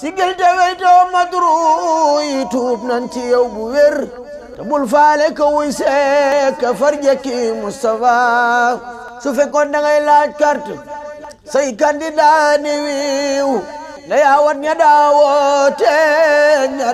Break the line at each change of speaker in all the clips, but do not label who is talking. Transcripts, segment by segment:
sigil te weytoo madru yi tuub nan ci yow bu wér te bul faale ka seek ka farjekki Moustapha su fekkoon da ngay laaj carte say candidat ni wiiw na yaawat ña daawoote ña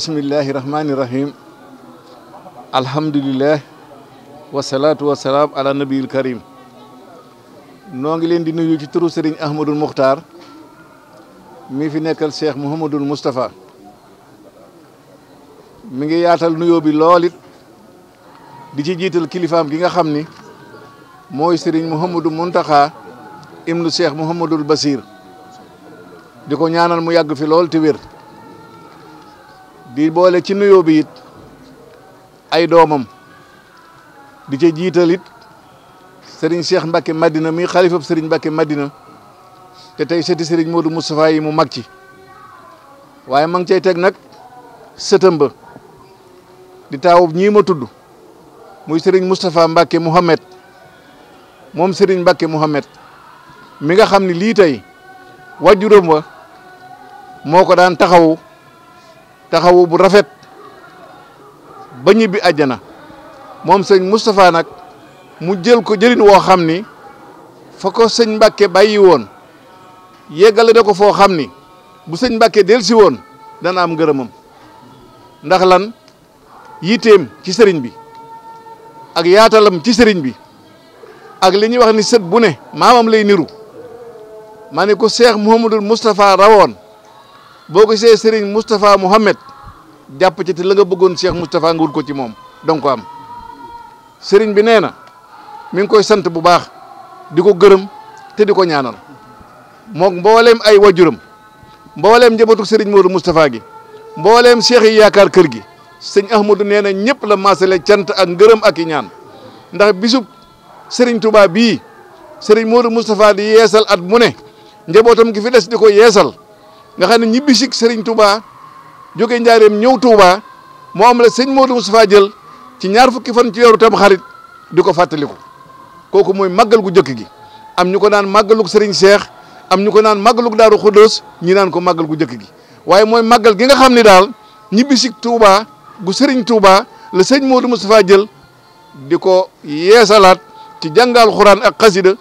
bismillahi rahmaani rahim alhamdulilah wasalaatu wasalaam ala nabiyil karim noo ngi leen di nuyu ci turu sëriñ ahmadul muxtaar mi fi nekkal cheikh mouhamadul moustapha mi ngi yaatal nuyoo bi loolit di ci jiital kilifaam gi nga xam ni mooy sëriñ mouhamadou muntaxa ibnu cheikh mouhamadul basir di ko ñaanal mu yàgg fi lool te wér di boole ci nuyoo bi ay doomam di ca jiital it sëriñ Cheikh Mbacke Madina muy xalifab sëriñ Mbacke Madina te tey sëti sëriñ Modou Moustapha yi mu mag ci waaye ma ngi cay teg nag sëtam di taawub ñii ma tudd muy sëriñ mustafa Mbacke Mouhamed moom sëriñ mbakke Mouhamed mi nga xam ne lii tey wajuram wa moo ko daan taxawu. taxawu bu rafet ba ñibbi àjjana moom sëñ Moustapha nag mu jël ko jëlin woo xam ni fa ko sëñ Mbàkke bàyyi woon yeggale na ko foo xam ni bu sëñ Mbàkke del si woon dana am ngërëmam ndax lan yiteem ci sëriñ bi ak yaatalam ci sëriñ bi ak li ñuy wax ni sët bu ne maamam lay niru ma ne ko seex Muhammadul Moustapha rawoon boo ko gisee Serigne Moustapha Mohamed jàpp ci te la nga bëggoon Cheikh Moustapha nga wut ko ci moom donc am Serigne bi nee na mi ngi koy sant bu baax di ko gërëm te di ko ñaanal moom mbooleem ay wajuram mbooleem njabootu Serigne Modou Moustapha gi mbooleem sheikh yi yaakaar kër gi sëñ Ahmadou nee na ñëpp la maasale cant ak gërëm ak i ñaan ndax bisub Serigne Touba bii Serigne Modou Moustapha di yeesal at mu ne njabootam gi fi des di ko yeesal. nga xam ne ñibbi si Serigne Touba jóge njaareem ñëw Touba moo am la sëñ Modou Moustapha jël ci ñaar fukki fan ci weeru tam xarit di ko fàttaliku kooku mooy màggal gu jëkk gi am ñu ko naan màggalug Serigne Cheikh am ñu ko naan màggalug Daaru Xuddoos ñi naan ko màggal gu jëkk gi waaye mooy màggal gi nga xam ne daal ñibbi si Touba gu Serigne Touba la sëñ Modou Moustapha jël di ko yeesalaat ci jàngal xuraan ak xasida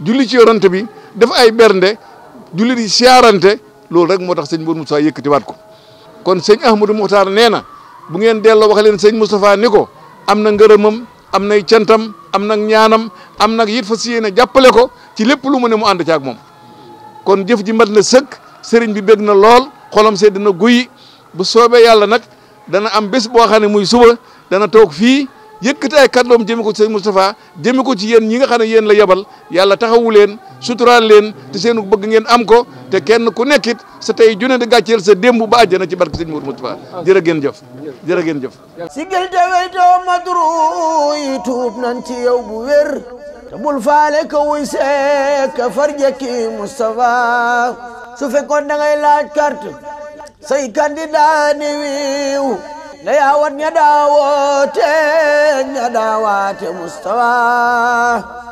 julli ci yorante bi def ay bernde julli di loolu rek moo tax sëñ Mbour Moustapha yëkkatiwaat ko kon sëñ Ahmadou Moukhtar nee na bu ngeen delloo wax leen sëñ Moustapha ni ko am na ngërëmam am nay cantam am na ñaanam am nag it fas yéene jàppale ko ci lépp lu mu ne mu ànd ci ak moom kon jëf ji mat na sëkk sëriñ bi bég na lool xolam sedd na guy bu soobee yàlla nag dana am bés boo xam ne muy suba dana toog fii yëkkati ay kàddoom jëme ko ci sëñ Moustapha jëme ko ci yéen ñi nga xam ne yéen la yebal yàlla taxawu leen suturaal leen te seenu bëgg ngeen am ko te kenn ku nekkit sa tey june di gàcceel sa démb ba àjjana ci barke sëñ Mour Moustapha jërë ngeen jëf jërë ngeen jëf
sigil te weytoo madru yi tuub nan ci yow bu wér te bul faale ko wuy seek farjëkki Moustapha su fekkoon da ngay laaj carte say candidat wiiw na yaawat ña daawoote ña daawaate mustawa